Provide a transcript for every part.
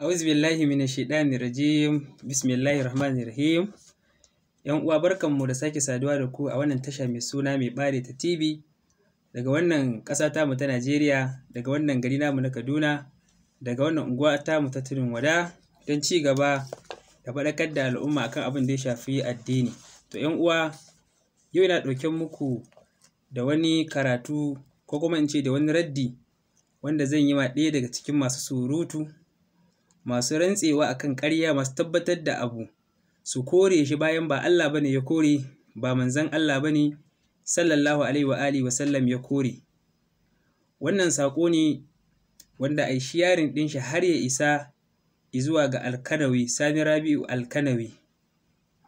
A'udhu billahi minash shaitani rajim. Bismillahir rahmanir rahim. Yan uwa barkanmu da sake saduwa da ku a wannan tasha mai suna mai bare ta TV daga wannan ƙasa ta mu ta Najeriya, daga wannan gari namu na Kaduna, daga wannan unguwa ta mu ta Tudun Wada don ci gaba da faɗakar da al'umma akan abin da ya shafi addini. To yan uwa yau ina ɗauke muku da wani karatu ko kuma in ce da wani raddi wanda zan yi ma ɗaya daga cikin masu surutu masu rantsewa akan ƙarya masu tabbatar da abu su kore shi bayan ba Allah bane ya kore ba manzan Allah bane sallallahu alaihi wa alihi wa sallam ya kore wannan saƙo ne wanda ai sharing ɗin shi har ya isa zuwa ga alkanawi sani rabi'u alkanawi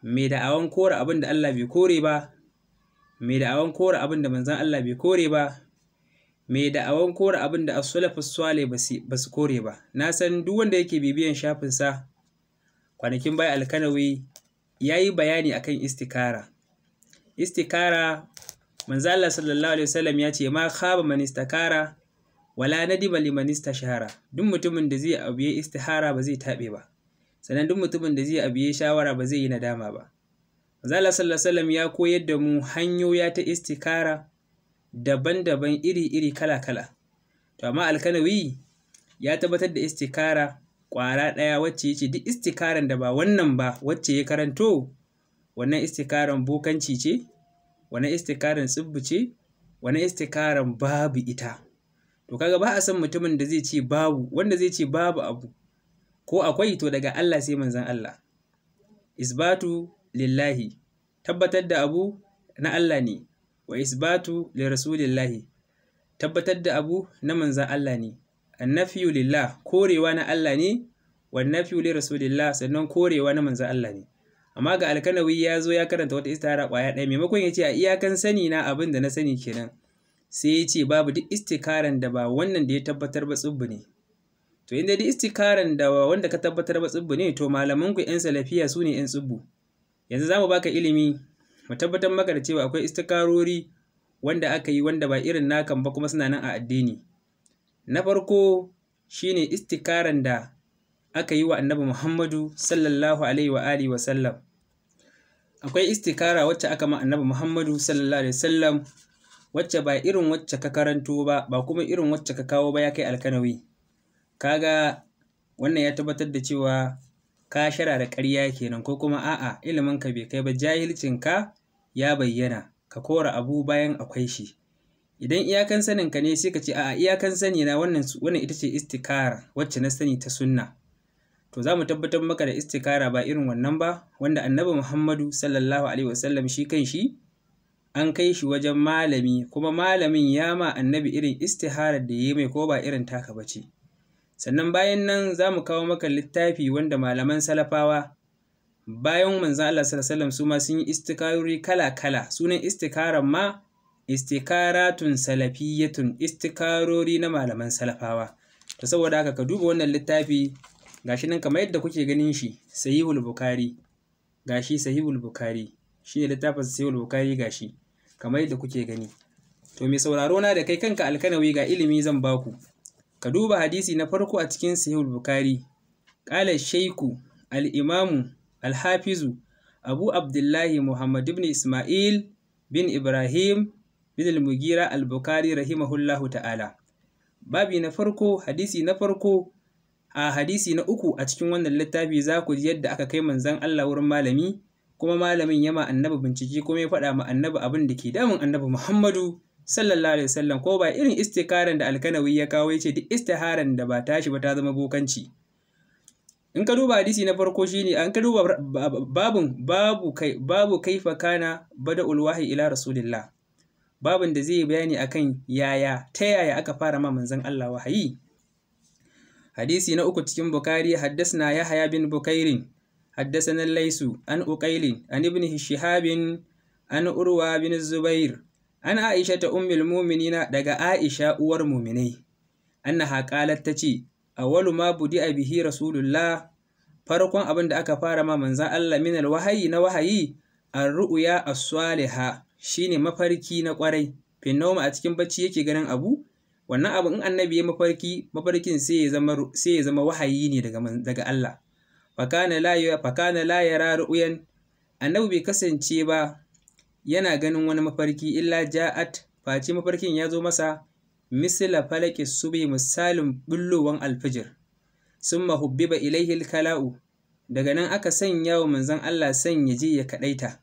mai da'awan kore abin da Allah bai kore ba mai da'awan kore abin da manzan Allah bai kore ba mai awon kore abin da as-salafus ba su kore ba na san duk wanda yake bibiyan shafin sa kwanakin bai alkanawi yi bayani akan istikara istikara manzo sallallahu alaihi wasallam ya ce ma khaba man istikara wala nadima liman istashara duk mutumin da zai abiye istihara ba zai tabe ba sannan duk mutumin da zai abiye shawara ba zai yi nadama ba manzo sallallahu alaihi wasallam ya koyar da mu hanyoya ta istikara daban-daban iri-iri kala-kala to amma alkanawi ya tabbatar da istikara ƙwara ɗaya wacce ya ce duk istikaran da ba wannan ba wacce ya karanto wannan istikaran bokanci ce wannan istikaran tsibbi ce wannan istikaran babu ita to kaga ba a san mutumin da zai ce babu wanda zai ce babu abu ko akwai to daga Allah sai manzon Allah isbatu lillahi tabbatar da abu na Allah ne wa isbatu li rasulillahi tabbatar da abu na manzan Allah ne annafiyu lillah korewa na Allah ne wa nafiyu li rasulillah sannan korewa na manzan Allah ne amma ga alkanawi ya zo ya karanta wata istihara kwaya ɗaya maimakon ya ce a iyakan sani na abin da na sani kenan sai ya ce babu duk istikaran da ba wannan da ya tabbatar ba tsubbu ne to inda duk istikaran da ba wanda ka tabbatar ba tsubbu ne to malaman ku yan salafiya su ne yan tsubbu yanzu za mu baka ilimi mu tabbatar maka da cewa akwai istikarori wanda aka yi wanda ba irin nakan ba kuma suna nan a addini na farko shine istikaran da aka yi wa annabi muhammadu sallallahu alaihi wa alihi wa sallam akwai istikara wacce aka ma annabi muhammadu sallallahu alaihi wa sallam wacce ba irin wacce ka karanto ba ba kuma irin wacce ka kawo ba ya kai alkanawi kaga wannan ya tabbatar da cewa ka shara da ƙarya kenan ko kuma a'a ilimin ka bai kai ba jahilcinka ya bayyana ka kora abu bayan akwai shi idan iyakan sanin ka ne sai ka ce a'a iyakan sani na wannan wannan ita ce istikara wacce na sani ta sunna to za mu tabbatar maka da istikara ba irin wannan ba wanda annabi Muhammadu sallallahu alaihi wasallam shi kan shi an kai shi wajen malami kuma malamin ya ma annabi irin istiharar da yi mai ko ba irin taka bace. sannan bayan nan za mu kawo maka littafi wanda malaman salafawa bayan manzan Allah sallallahu alaihi su ma sun yi istikarori kala-kala sunan istikaran ma istikaratun salafiyyatun istikarori na malaman salafawa to saboda haka ka duba wannan littafi gashi nan kamar yadda kuke ganin shi sahihul bukhari gashi sahihul bukhari ne littafin sahihul bukhari gashi kamar yadda kuke gani to mai sauraro na da kai kanka alkanawi ga ilimi zan baku ka duba hadisi na farko a cikin sahihul bukhari qala shaiku al-imamu Alhafizu Abu Abdullahi Muhammad ibn Ismail bin Ibrahim bin al-Mugira al-Bukhari rahimahullahu ta'ala. Babi na farko, hadisi na farko, a hadisi na uku a cikin wannan littafi za ku ji yadda aka kai manzon Allah wurin malami, kuma malamin ya ma annabi bincike kuma ya faɗa ma annabi abin da ke damun annabi Muhammadu sallallahu alaihi wasallam ko ba irin istikaran da alkanawi ya kawo ya ce duk istiharan da ba tashi ba ta zama bokanci. in ka duba hadisi na farko shine an ka duba babun babu kai babu kaifa kana bada ulwahi ila rasulillah babun da zai bayani akan yaya ta yaya aka fara ma manzon Allah wahayi hadisi na uku cikin bukari haddasna yahya bin bukairin haddasana laisu an uqailin an ibn shihabin an urwa bin zubair an aisha ta ummul mu'minina daga aisha uwar mu'minai annaha qalat tace awwalu ma a bihi rasulullah farkon abin da aka fara ma manzan Allah minal wahayi na wahayi an ru'uya as-saliha shine mafarki na kwarai finnoma a cikin bacci yake ganin abu wannan abu in annabi ya mafarki mafarkin sai ya zama sai ya zama wahayi ne daga daga Allah fakana la ya fakana la yara ru'yan annabi bai kasance ba yana ganin wani mafarki illa ja'at face mafarkin ya zo masa misila falaki bai misalin bullowan alfijir summa hubbiba ilaihi alkala'u daga nan aka sanya wa manzon Allah sanya ji ya kadaita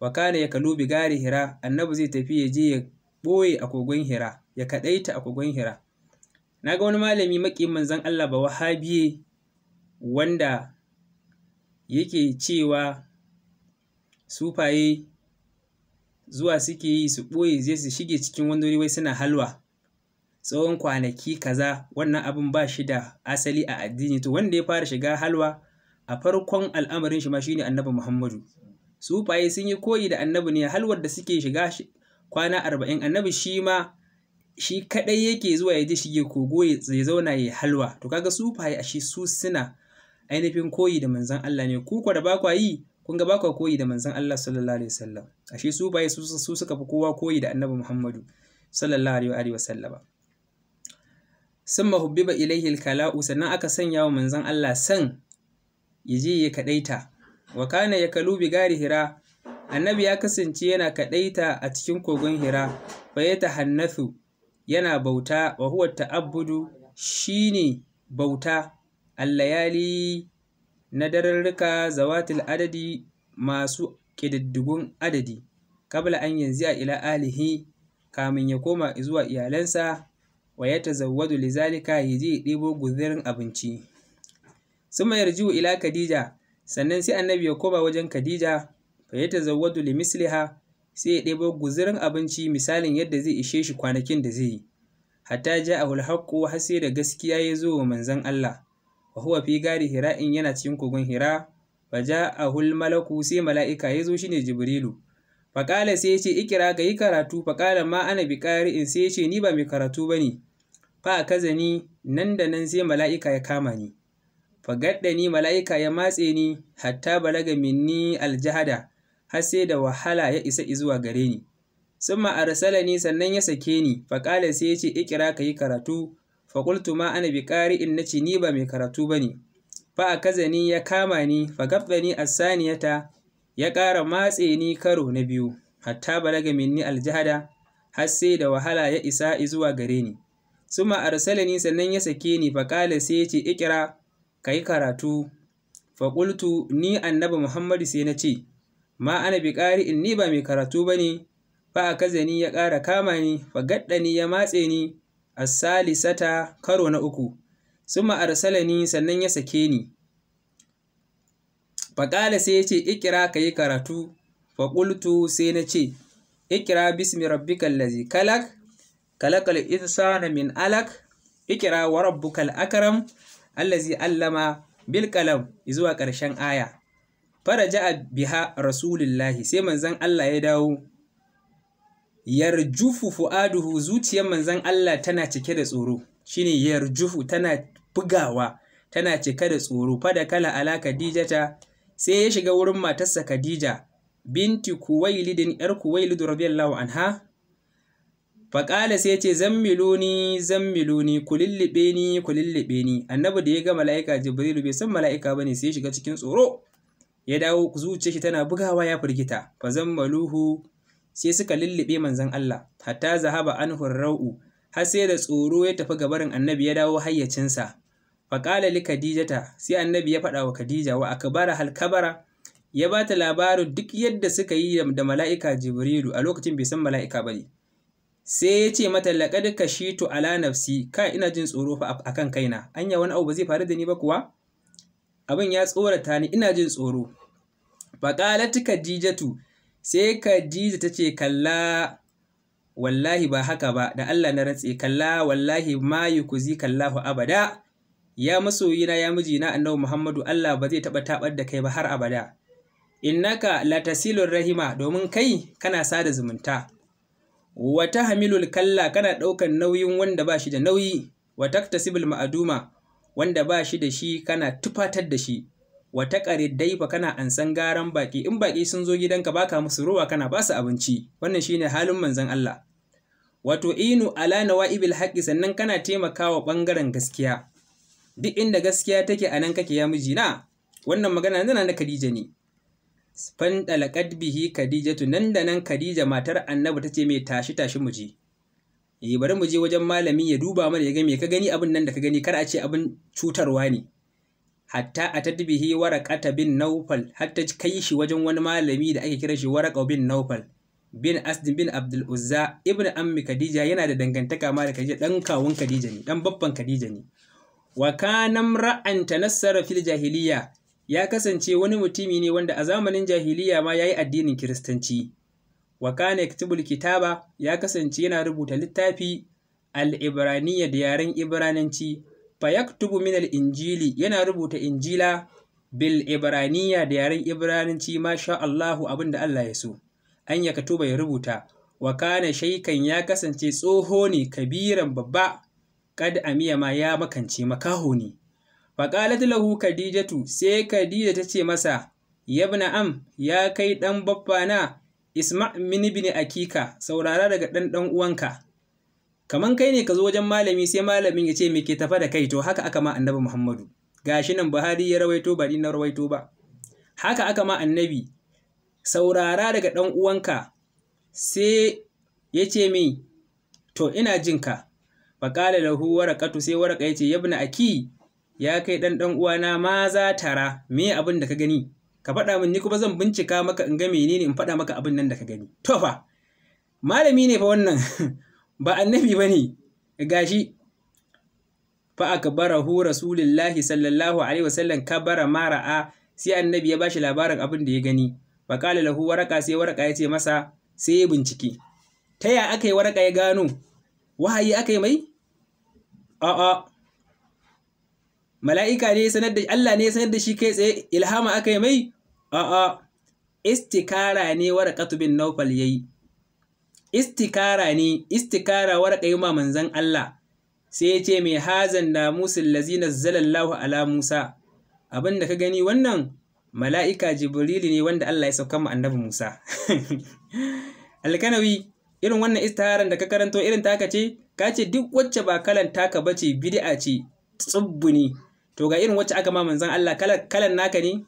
wa kana ya kalubi gari hira annabi zai tafi ya je ya boye a kogon hira ya kadaita a kogon hira naga wani malami maki manzon Allah ba wahabiye wanda yake cewa sufaye zuwa suke yi su ɓoye zai su shige cikin wani wai suna halwa tsawon kwanaki kaza wannan abin ba shi da asali a addini to wanda ya fara shiga halwa a farkon al'amarin shi ma shine annabi Muhammadu faye sun yi koyi da annabi ne halwar da suke shiga kwana arba'in annabi shi ma shi kaɗai yake zuwa ya je shige kogo ya zauna ya halwa to kaga faye a shi su suna ainihin koyi da manzon Allah ne Kuka da bakwa yi kun ga bakwa koyi da manzon Allah sallallahu alaihi wasallam a shi su su suka fi kowa koyi da annabi Muhammadu sallallahu alaihi wasallam sun mahubbiba ilaihi kala'u sannan aka sanya wa manzon Allah san ya je ya kaɗaita wa kana ya kalu bi gari hira annabi ya kasance yana kaɗaita a cikin kogon hira fa ya yana bauta wa huwa ta'abbudu shine bauta allayali na dararruka zawatil adadi masu ƙididdigun adadi kabla an yanzu a ila alihi kamin ya koma zuwa iyalansa wa ya tazawwadu lizalika ya je ya ɗebo guzirin abinci suma yarji'u ila Khadija sannan sai annabi ya koma wajen Khadija fa ya tazawwadu li misliha sai ya ɗebo guzirin abinci misalin yadda zai ishe shi kwanakin da zai yi hatta ja ahul haqqu har sai da gaskiya ya zo wa manzon Allah wa huwa fi gari hira'in yana cikin kogon hira wa ja ahul malaku sai mala'ika ya zo shine jibrilu fa kala sai ya ce ikira ga yi karatu fa kala ma ana bi qari'in sai ya ce ni ba mai karatu bane fa a kaza ni nan da nan sai mala'ika ya kama ni, fagadda ni mala'ika ya matse ni hatta balaga minni aljahada har sai da wahala ya isa izuwa gare ni. Sun ma arsala ni sannan ya sake ni, faƙala sai ya ce ikira ka yi karatu, faƙultu ma ana bi in na ce ni ba mai karatu ba ne. Fa a kaza ni ya kama ni, fagabda ni asaniyata ya ƙara matse ni karo na biyu, hatta balaga minni aljahada har sai da wahala ya isa izuwa gare ni. suma arsalani sannan ya sake ni faƙala sai yace ikira kai karatu karatu faƙultu ni annabi muhammadu sai na ce ma ana bi ƙari in ni ba mai karatu ba fa a kazani ya kara kama ni fa gaddani ya matse ni salisata karo na uku suma arsalani sannan ya sake ni faƙala sai yace ikira kayi karatu karatu faƙultu sai na ce ikira bismi rabbikal lazi kalak kalakal insana min alak ikira wa rabbukal akram allazi allama bil kalam zuwa ƙarshen aya faraja biha rasulullahi sai manzon Allah ya dawo yarjufu fu'aduhu zuciyar manzon Allah tana cike da tsoro shine yarjufu tana bugawa tana cike da tsoro fada kala ala Khadijata sai ya shiga wurin matarsa Khadija binti Kuwailidin ‘yar Kuwailidu radiyallahu anha, faƙala sai ce zammiluni zammiluni ku lullube ni ku lullube ni annabi da ya ga mala'ika jibrilu bai san mala'ika bane sai ya shiga cikin tsoro ya dawo zuciyar shi tana bugawa ya firgita fa zammaluhu sai suka lullube manzon Allah hatta zahaba anhu rau'u har sai da tsoro ya tafi gabarin annabi ya dawo hayyacinsa faƙala li khadijata sai annabi ya faɗa wa khadija wa akbara hal kabara ya ba ta labarin duk yadda suka yi da mala'ika jibrilu a lokacin bai san mala'ika bane sai ya ce mata shi to ala nafsi Ka ina jin tsoro fa kan kaina anya wani abu ba zai faru da ni ba kuwa abin ya tsorata ni ina jin tsoro Baƙalati kadijatu sai kadija ta ce kalla wallahi ba haka ba da Allah na rantse kalla wallahi ma yukuzi kallahu abada ya masoyina ya miji na annabi Muhammadu Allah ba zai taba tabar da kai ba har abada innaka latasilur rahima domin kai kana sada zumunta Wata hamilul kalla kana ɗaukan nauyin wanda ba shi da nauyi Wata tasibil ma'aduma wanda ba shi da shi kana tufatar da shi Wata taqarid daifa kana ansan garan baƙi? in baƙi sun zo gidanka baka musu ruwa kana ba su abinci wannan shine halin manzon Allah wato inu ala nawaibil haqqi sannan kana taimakawa ɓangaren gaskiya duk inda gaskiya take anan kake ya miji na wannan magana nuna na Khadija ne Spandala bihi Khadijatu nan da nan Khadija matar Annabi ta ce mai tashi tashi mu je. Eh bari mu je wajen malami ya duba mana ya ga me ka gani abin nan da ka gani kar a ce abin cutarwa ne. Hatta a tadbihi waraqata bin Naufal hatta kai shi wajen wani malami da ake kira shi waraqa bin Naufal. bin Asdin bin Abdul Uzza ibnu Ammi Khadija yana da dangantaka ma da Khadija dan kawun Khadija ne dan babban Khadija ne wa kana ra'an tanassara fil jahiliya ya kasance wani mutumi ne wanda a zamanin jahiliya ma ya yi addinin Kiristanci. Wakane kana kitaba ya kasance yana rubuta littafi al ibraniya da yaren Ibrananci. Fa yaktubu min injili yana rubuta Injila bil Ibraniya da yaren Ibrananci masha Allahu abin da Allah ya so. An yaktuba ya rubuta wakane shaikan ya kasance tsoho ne kabiran babba kad amiya ma ya makance makaho ne Faƙalat lahu Khadijatu sai Khadija ta ce masa, Yabna am, ya kai ɗan na?' isma mini bini akika, saurara daga ɗan ɗan uwanka. Kaman kai ne ka zo wajen malami sai malamin ya ce me ke tafa da kai to haka aka ma annabi Muhammadu. Gashi nan Buhari ya rawaito ba na rawaito ba. Haka aka ma annabi, saurara daga ɗan uwanka sai ya ce min to ina jinka. ka, lahu warakatu sai waraka ya ce yabna aki ya kai ɗan ɗan uwana ma za tara me abin da ka gani ka faɗa min ni kuma zan bincika maka in ga menene in faɗa maka abin nan da ka gani to fa malami ne fa wannan ba annabi bane gashi fa akbarahu rasulullahi sallallahu alaihi wasallam kabara mara'a sai annabi ya bashi labarin abin da ya gani fa qala lahu waraka sai waraka ya ce masa sai ya bincike ta ya aka yi waraka ya gano wahayi aka yi mai a'a mala'ika ne sanar da Allah ne sanar da shi kai tsaye ilhama aka yi mai a'a istikara ne warqatu bin nawfal yayi istikara ne istikara warqa yi ma manzon Allah sai ya ce mai hazan da musul lazina zalallahu ala Musa abin ka gani wannan mala'ika jibrilu ne wanda Allah ya sauka mu annabi Musa alkanawi irin wannan istiharan da ka karanto irin taka ce ka ce duk wacce ba kalan taka bace bid'a ce tsubbu to ga irin wacce aka ma manzan Allah kalan naka ne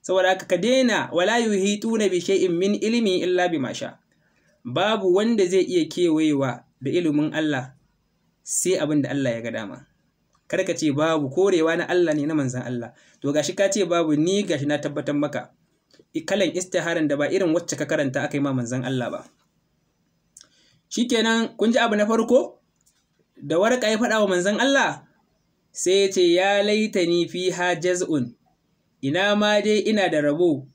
saboda aka ka daina wala yuhituna bi shay'in min ilmi illa bima sha babu wanda zai iya kewayewa da ilimin Allah sai abin da Allah ya ga dama kar ka ce babu korewa na Allah ne na manzan Allah to gashi ka ce babu ni gashi na tabbatar maka kalan istiharan da ba irin wacce ka karanta aka yi ma manzan Allah ba shikenan kun ji abu na farko da warka ya faɗa wa manzan Allah sai ya ce ya laitani fi ha jaz'un, ina ma dai ina da rabo,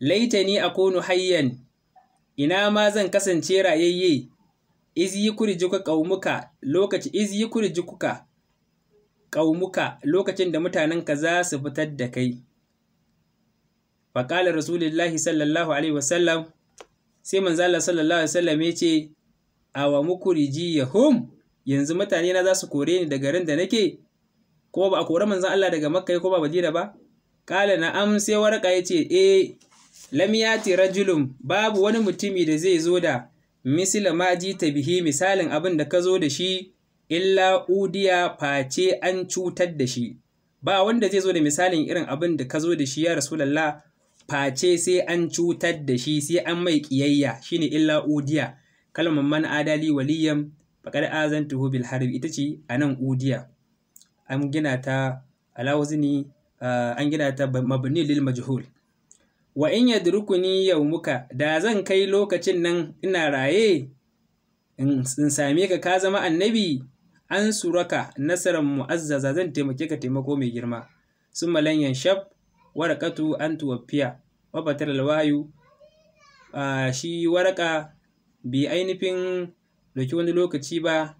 laitani a konu hayyan, ina ma zan kasance rayayye, Izi yi kurjikuka ƙaumuka lokaci izi yi lokacin da mutanenka za su fitar da kai. Faƙalar Rasulullahi sallallahu Alaihi wasallam, sai manzala sallallahu Alaihi wasallam ya ce, awa mukuriji yahum yanzu mutane na za su kore ni daga garin da nake ko ba a kori manzan Allah daga makka ko ba madina ba kala na'am sai waraka ya ce e lam yati rajulun babu wani mutumi da zai zo da misila ma ji ta bihi misalin abin da ka zo da shi illa udiya face an cutar da shi ba wanda zai zo da misalin irin abin da ka zo da shi ya rasulallah face sai an cutar da shi sai an mai kiyayya shine illa udiya kalmar man adali waliyam faqad azantuhu bil harbi ita ce anan udiya an gina ta ala an gina ta mabni lil majhul wa in yadrukuni muka? da zan kai lokacin nan ina raye in same ka ka zama annabi an suraka nasarar mu'azzaza zan taimake ka taimako mai girma sun malan shaf, warakatu an tuwafiya wabatar alwayu shi waraka bi ainihin doki wani lokaci ba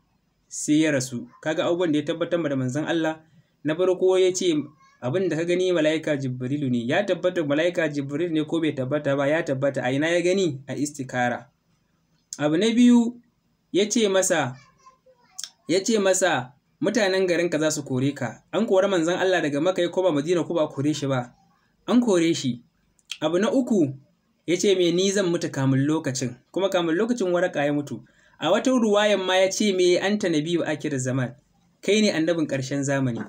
sai ya rasu kaga abubuwan da ya tabbatar da manzon Allah na farko ya ce abin da ka gani mala'ika jibrilu ne ya tabbata mala'ika Jibrilu ne ko bai tabbata ba ya tabbata a ina ya gani a istikara abu na biyu ya ce masa ya ce masa mutanen garin ka za su kore ka an kore manzon Allah daga maka ya koma madina ko ba kore shi ba an kore shi abu na uku ya ce me ni zan mutu kamun lokacin kuma kamun lokacin waraka ya mutu a wata ruwayan ma ya ce me anta nabiyyu akhir zaman kai ne annabin ƙarshen zamani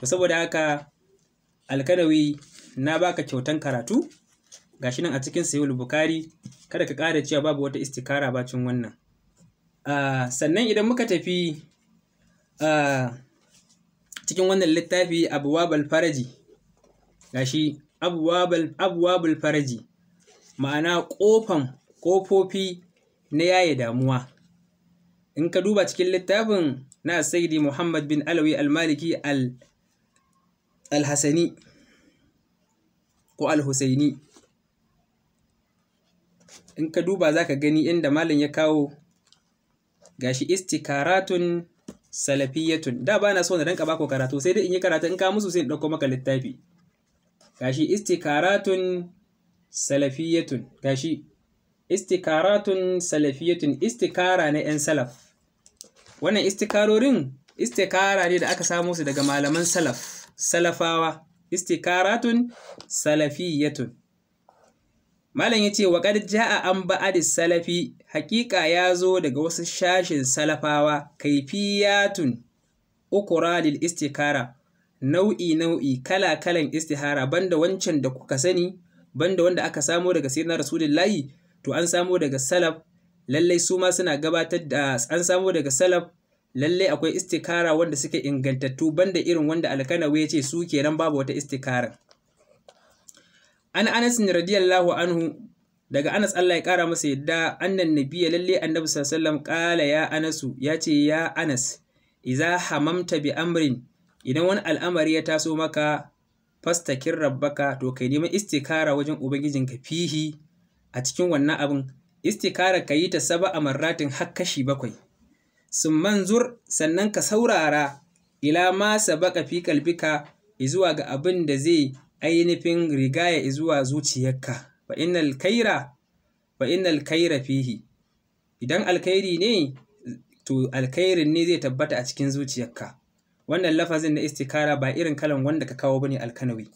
to saboda haka alkanawi na baka kyautan karatu gashi nan a cikin sayul bukhari kada ka ƙara cewa babu wata istikara bacin wannan sannan idan muka tafi cikin wannan littafi abuwabal faraji gashi abwabal faraji ma'ana ƙofan ƙofofi na yaye damuwa in ka duba cikin littafin na saidi muhammad bin alawi al-maliki al-hasani ko al-husaini in ka duba za ka gani inda malin ya kawo gashi istikaratun salafiyatun da ba na so na danka bako karatu sai dai in yi karatu in ka musu sai in ɗauko maka littafi gashi istikaratun salafiyatun gashi istikaratun salafiyatun istikara na 'yan salaf wannan istikarorin istikara ne da aka samo su daga malaman salaf salafawa istikaratun salafiyatun malam ya ce wa ja'a an ba'adi salafi hakika ya zo daga wasu shashin salafawa kaifiyatun ukura lil istikara nau'i nau'i kala kalan istihara banda wancan da kuka sani banda wanda aka samo daga sayyidina rasulullahi to an samo daga salaf lallai su ma suna gabatar da an samo daga salaf lallai akwai istikara wanda suke ingantattu banda irin wanda alkanawi ya ce su nan babu wata istikara an anas radiyallahu anhu daga anas Allah ya kara masa yadda annan na biya annabi sallallahu kala ya anasu ya ce ya anas idza hamamta bi amrin idan wani al'amari ya taso maka fastakin rabbaka to kai neman istikara wajen ubangijinka fihi a cikin wannan abin istikara ka yi ta saba a marratin har kashi bakwai sun manzur sannan ka saurara ila ma sabaka fi kalbika izuwa ga abin da zai ainihin rigaya izuwa zuciyarka wa innal kaira wa innal kaira fihi idan alkhairi ne to alkhairin ne zai tabbata a cikin zuciyarka wannan lafazin na istikara ba irin kalan wanda ka kawo bane alkanawi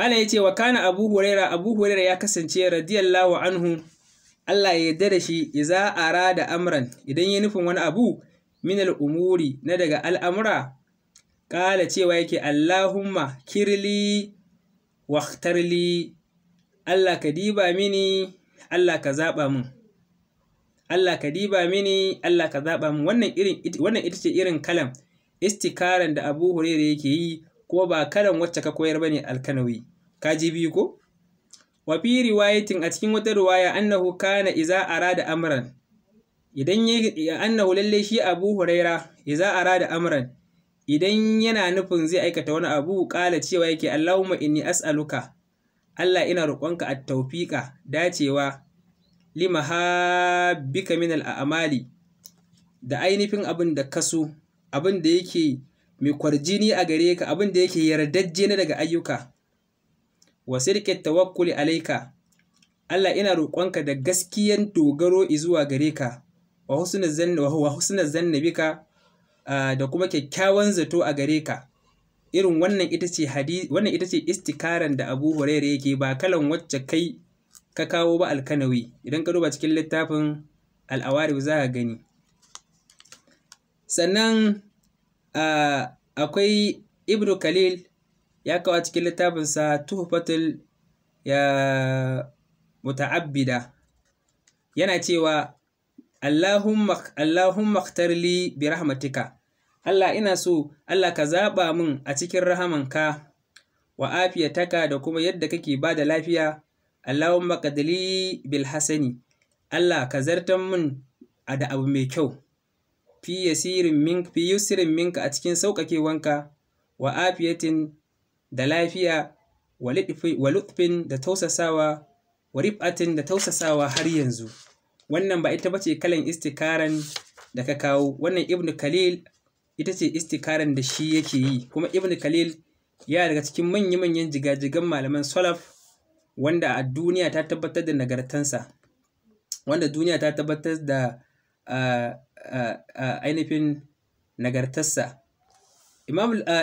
Malam ya ce wa kana Abu Huraira Abu Huraira ya kasance radiyallahu anhu Allah ya yarda da shi iza arada amran idan ya nufin wani abu min al'umuri na daga al'amura kala cewa yake Allahumma kirli waktarli Allah ka diba mini Allah ka zaɓa min Allah ka diba mini Allah ka zaɓa min wannan ita ce irin kalam istikaran da Abu huraira yake yi Ko ba kalan wacce ka koyar bane alkanawi kaji biyu ko wa fi riwayatin a cikin wata riwaya annahu kana iza arada amran idan ya annahu lalle shi abu huraira iza arada amran idan yana nufin zai aikata wani abu kala cewa yake allahumma inni as'aluka allah ina roƙonka a taufiƙa dacewa lima habbika min al'amali da ainihin abin da kaso abin da yake mai kwarjini a gare ka abin da yake yardajje na daga ayyuka wa sirke tawakkuli alaika Allah ina roƙonka da gaskiyan dogaro izuwa gare ka wa husna zannabika da kuma kyakkyawan zato a gare ka irin wannan ita ce istikaran da Abu Hurairah yake ba kalan wacce kai ka kawo ba alkanawi idan ka duba cikin littafin al'awari za ka gani sannan akwai ibnu khalil ya kawo cikin littafinsa tuhfatul ya muta'abbida yana cewa Allahumma Allahumma li bi rahmatika Allah ina so Allah ka zaɓa min a cikin rahamanka wa afiyataka da kuma yadda kake ba da lafiya Allahumma qadli bil Allah ka zartan min a da abu mai kyau fi yasirin mink fi yusirin minka a cikin sauƙaƙewanka wa afiyatin da lafiya wa lutfin da tausasawa wa rif'atin da tausasawa har yanzu wannan ba ita bace kalan istikaran da ka kawo wannan ibn khalil ita ce istikaran da shi yake yi kuma ibn khalil ya daga cikin manya-manyan jigajigan malaman salaf wanda a duniya ta tabbatar da nagartansa wanda duniya ta tabbatar da ah, ainihin nagartarsa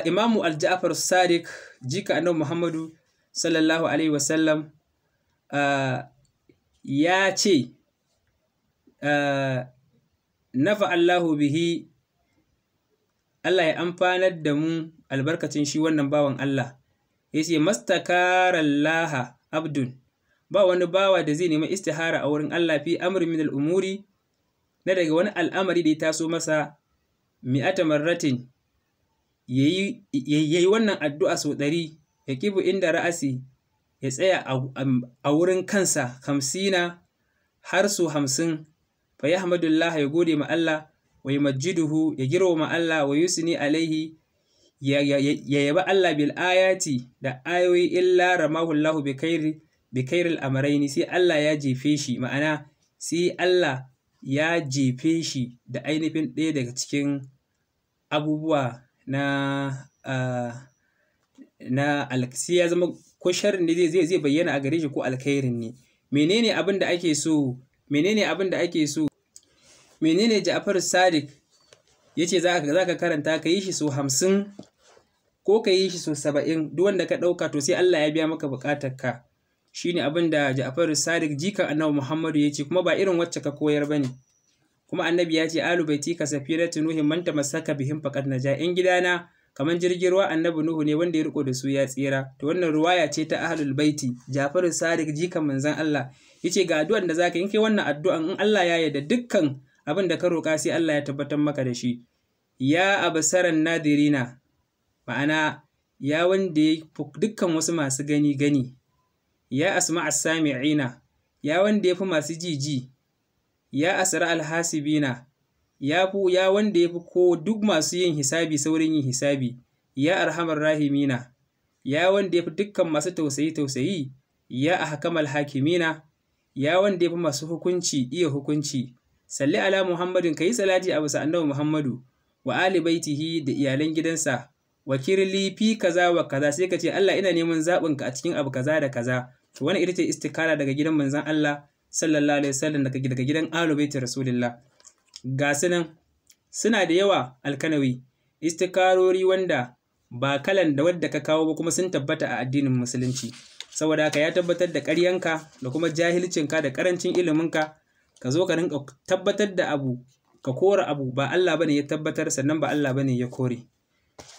imamu al-ja'far sadiq jika annabi muhammadu sallallahu alaihi wasallam ya ce nafa allahu bihi Allah ya amfanar da mu albarkacin shi wannan bawan Allah ya ce mastakarallaha abdun ba wani bawa da zai nemi istihara a wurin Allah fi amri min al'umuri na daga wani al'amari da ya taso masa mi'ata marratin yayi yayi wannan addu'a sau ɗari ya kibu inda ra'asi ya tsaya a wurin kansa hamsina har su hamsin fa ya hamdulillah ya gode ma Allah wa majiduhu ya girma Allah wa yusni alaihi ya yaba Allah bil ayati da ayoyi illa ramahu Allah bi kairi bi khairil sai Allah ya jefe shi ma'ana sai Allah ya jefe shi da ainihin ɗaya daga cikin abubuwa na na sai ya zama ko sharrin ne zai zai bayyana a gare shi ko alkhairin ne menene abin da ake so menene abin da ake so menene Ja'far Sadiq yace za ka zaka karanta ka yi shi so hamsin ko ka yi shi so saba'in duk wanda ka dauka to sai Allah ya biya maka bukatarka ka shine abin da Ja'faru Sadiq jikan Annabi Muhammadu ya ce kuma ba irin wacce ka koyar ba ne. Kuma Annabi ya ce alu baiti ka safiratu nuhin man tamassaka bihim faqad naja in gidana kamar jirgin ruwa Annabi Nuhu ne wanda ya riko da su ya tsira. To wannan ruwaya ce ta Ahlul Baiti Ja'faru Sadiq jikan manzon Allah yace ga addu'an da zaka in kai wannan addu'an in Allah ya yarda dukkan abin da ka roƙa sai Allah ya tabbatar maka da shi. Ya abasaran nadirina ma'ana ya wanda ya dukkan wasu masu gani gani ya asma sami'ina ya wanda ya fi masu jiji, ya asra alhasibina, ya fi ya wanda ya fi ko duk masu yin hisabi saurin yin hisabi, ya arhamar rahimina, ya wanda ya fi dukkan masu tausayi-tausayi, ya ahkamal hakimina, ya wanda ya fi masu hukunci iya hukunci. Salli ala Muhammadin ka yi salati a bisa annabi Muhammadu wa ali baitihi da iyalan gidansa wa fi kaza wa kaza sai ka ce Allah ina neman zaɓinka a cikin abu kaza da kaza to wani ita ce istikara daga gidan manzon Allah sallallahu alaihi wasallam daga gidan Ahlul Bait Rasulullah ga sunan suna da yawa alkanawi istikarori wanda ba kalan da wadda ka kawo ba kuma sun tabbata a addinin musulunci saboda haka ya tabbatar da ƙaryanka da kuma jahilcinka da ƙarancin iliminka ka zo ka rinka tabbatar da abu ka kora abu ba Allah bane ya tabbatar sannan ba Allah bane ya kore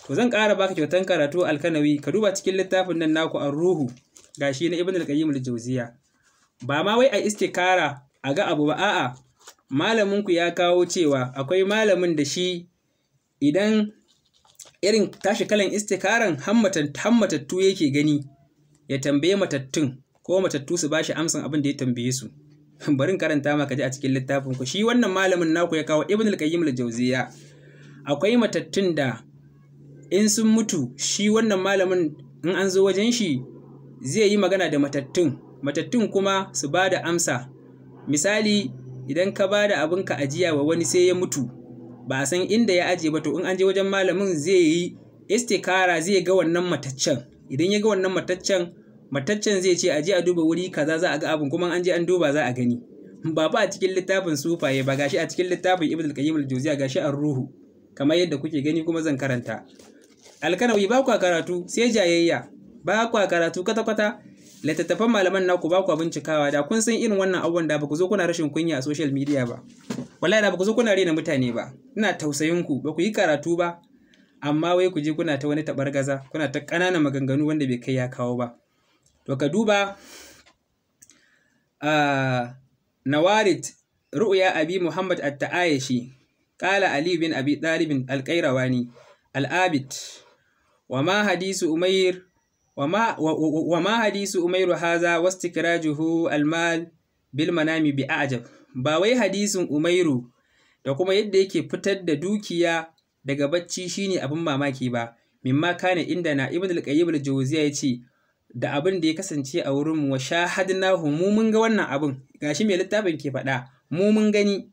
to zan ƙara baka kyautan karatu alkanawi ka duba cikin littafin nan naku an ruhu gashi na Ibn al-Qayyim al-Jawziya ba ma wai a istikara a ga abu ba a'a malamin ku ya kawo cewa akwai malamin da shi idan irin tashi kalan istikaran hammatattu yake gani ya tambaye matattun ko matattu su bashi amsan abin da ya tambaye su barin karanta maka ji a cikin littafin ku shi wannan malamin naku ya kawo Ibn al-Qayyim al-Jawziya akwai matattun da in sun mutu shi wannan malamin in an zo wajen shi zai yi magana da matattun matattun kuma su ba da amsa misali idan ka ba da ka ajiya wa wani sai ya mutu ba a san inda ya ajiye ba to in an je wajen malamin zai yi istikara zai ga wannan mataccen idan ya ga wannan mataccen mataccen zai ce aje a duba wuri kaza za a ga abin kuma an je an duba za a gani ba ba a cikin littafin sufaye ba gashi a cikin littafin ibn al-qayyim al-jawziya gashi an ruhu kamar yadda kuke gani kuma zan karanta alkanawi ba kwa karatu sai jayayya ba kwa karatu kwata-kwata littattafan malaman naku ba kwa bincikawa da kun san irin wannan abubuwan da ba zo kuna rashin kunya a social media ba wallahi da ba ku zo kuna rena mutane ba ina tausayin ku ba ku yi karatu ba amma wai ku je kuna ta wani gaza, kuna ta kananan maganganu wanda bai kai ya kawo ba to ka duba nawarit ru'ya abi muhammad at-ta'ayishi qala ali bin abi talib al-qayrawani al-abid wa ma hadisu umayr wa ma hadisu umairu haza wastikrajuhu almal bil bi ajab ba wai hadisin umairu da kuma yadda yake fitar da dukiya daga bacci shine abin mamaki ba mimma kana inda na ibn al-qayyim al-jawziya yace da abin da ya kasance a wurin mu shahadnahu mu mun ga wannan abin gashi mai littafin ke faɗa mu mun gani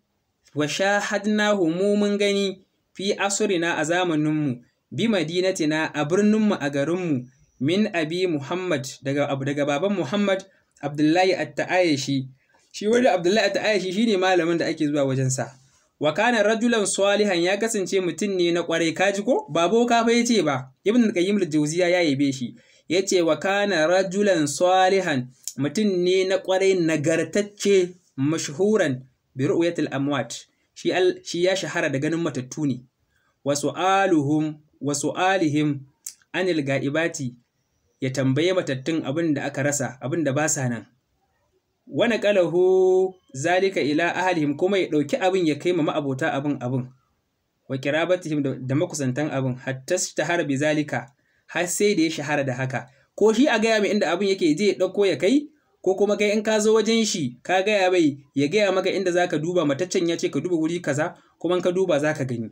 wa shahadnahu mu mun gani fi asrina a zamanin mu bi madinatina a birnin mu a garin mu min abi Muhammad daga abu daga baban Muhammad Abdullahi at shi wani Abdullahi At-Ta'ayishi shine malamin da ake zuwa wajen sa wa kana rajulan salihan ya kasance mutum ne na kwarai kaji ko ba kafa fa yace ba Ibn al-Qayyim al-Jawziya ya yabe shi yace wa kana rajulan salihan mutum ne na kwarai nagartacce mashhuran bi al amwat shi shi ya shahara da ganin matattu ne wa su'aluhum wa su'alihim anil ga'ibati ya tambaye matattun abin da aka rasa abin da ba sa nan wani ƙalahu, zalika ila ahalihim kuma ya ɗauki abin ya kai ma ma'abota abin abin wa kirabatihim da makusantan abin hatta shahara bi zalika har sai da ya shahara da haka ko shi a gaya mai inda abin yake je ya ɗauko ya kai ko kuma kai in ka zo wajen shi ka gaya bai ya gaya maka inda zaka duba mataccen ya ce ka duba wuri kaza kuma ka duba zaka gani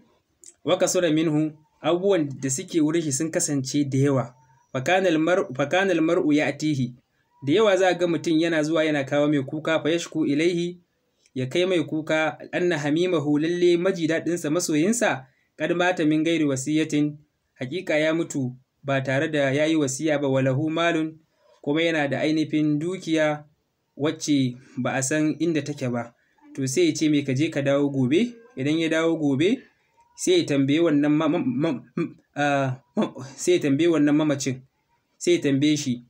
waka sura minhu abubuwan da suke wurin shi sun kasance da yawa fakanal mar'u ya atihi da yawa za a ga mutum yana zuwa yana kawo mai kuka fa yashku ilaihi ya kai mai kuka anna hamimahu lalle maji daɗinsa masoyinsa kad mata min gairi wasiyatin hakika ya mutu ba tare da yayi wasiya ba walahu malun kuma yana da ainihin dukiya wacce ba a san inda take ba to sai ya ce mai ka je ka dawo gobe idan ya dawo gobe sai ya tambaye ah, wannan mamacin sai ya tambaye shi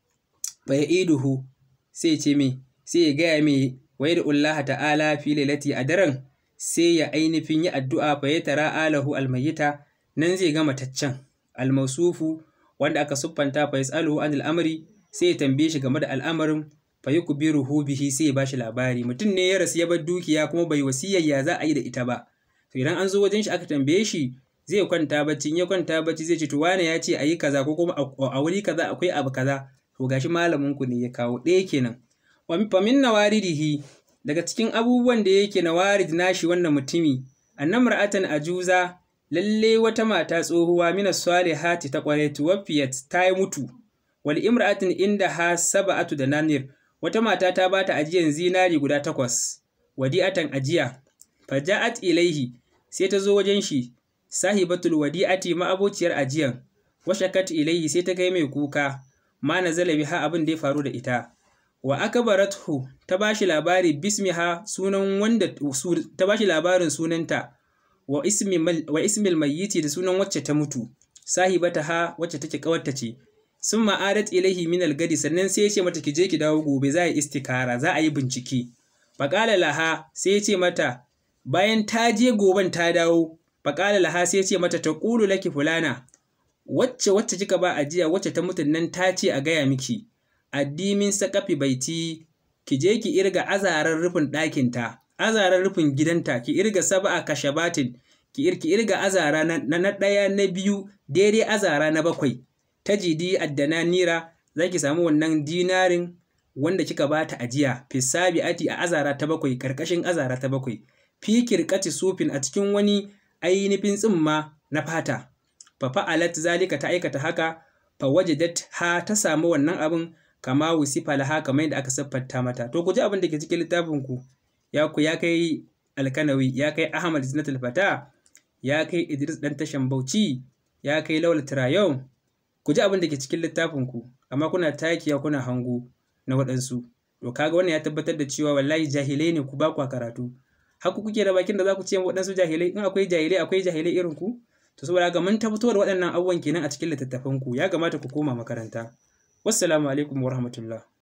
ya iduhu sai ce mai sai ya gaya me da Allah ta'ala fi lalati a daren sai ya ainihin yi addu'a ba ya tara alahu almayita nan zai gama mataccen almasufu wanda aka siffanta fa tsalo an al’amari sai ya tambaye shi game da al'amarin fa yukbiruhu bihi sai ya ba shi labari mutum ne ya rasu ya bar dukiya kuma bai wasiyar ya za a yi da ita ba to idan an zo wajen shi aka tambaye shi zai kwanta bacci in ya kwanta bacci zai ce to wane ya ce a yi kaza ko kuma a wuri kaza akwai abu kaza to gashi malamin ku ne ya kawo ɗaya kenan wa na waridihi daga cikin abubuwan da yake na na nashi wannan mutumi annamar atan ajuza lalle wata mata tsohuwa mina hati ta kware tuwafiyat ta yi mutu wal imra'atin inda ha Atu, da nanir wata mata ta bata ajiyan zinari guda takwas Wadi atan ajiya faja'at ilaihi sai ta zo wajen shi sahibatul wadi'ati ma'abociyar ajiyan washakat ilaihi sai ta kai mai kuka ma nazala ha abin da ya faru da ita wa akbarathu ta bashi labari bismiha sunan labarin sunanta wa ismi wa ismil mayyiti da sunan wacce ta mutu ha wacce take kawarta ce sun ma'arat ilaihi min algadi sannan sai ya ce mata ki je ki dawo gobe za a yi istikara za a yi bincike faqala laha sai ya ce mata Bayan ta je goben ta dawo, faƙala laha sai ce mata ta ƙulu laki fulana, wacce wacce kika ba ajiya wacce ta mutun nan ta ce a gaya miki, addimin sakafi bai baiti, ki je ki irga azarar rufin ɗakinta, azarar rufin gidanta, ki irga kashe kashabatin, ki irga azara na ɗaya na biyu daidai azara na bakwai. ta jidi addana nira za ki samu wannan dinarin wanda kika ba bata ajiya fisabi ati a azara ta bakwai karkashin azara ta bakwai fikir kaci sufin a cikin wani ainihin tsimma na fata fa fa'alat zalika ta aikata haka fa wajadat ha ta samu wannan abin kama wusifa laha kamar yadda aka siffanta mata to ku abin da ke cikin littafin ku ya ku ya kai alkanawi ya kai ahmad zinatul fata ya kai idris dan tashan bauchi ya kai lawal trayon ku abin da ke cikin littafin ku amma kuna takiya kuna hango na waɗansu to kaga wannan ya tabbatar da cewa wallahi jahilai ne ku ba ku karatu haku kuke da bakin da za ku ce waɗansu jahilai in akwai jahilai akwai jahilai irin ku to saboda ga mun tabbatar da waɗannan abubuwan kenan a cikin littattafan ku ya kamata ku koma makaranta wassalamu alaikum warahmatullahi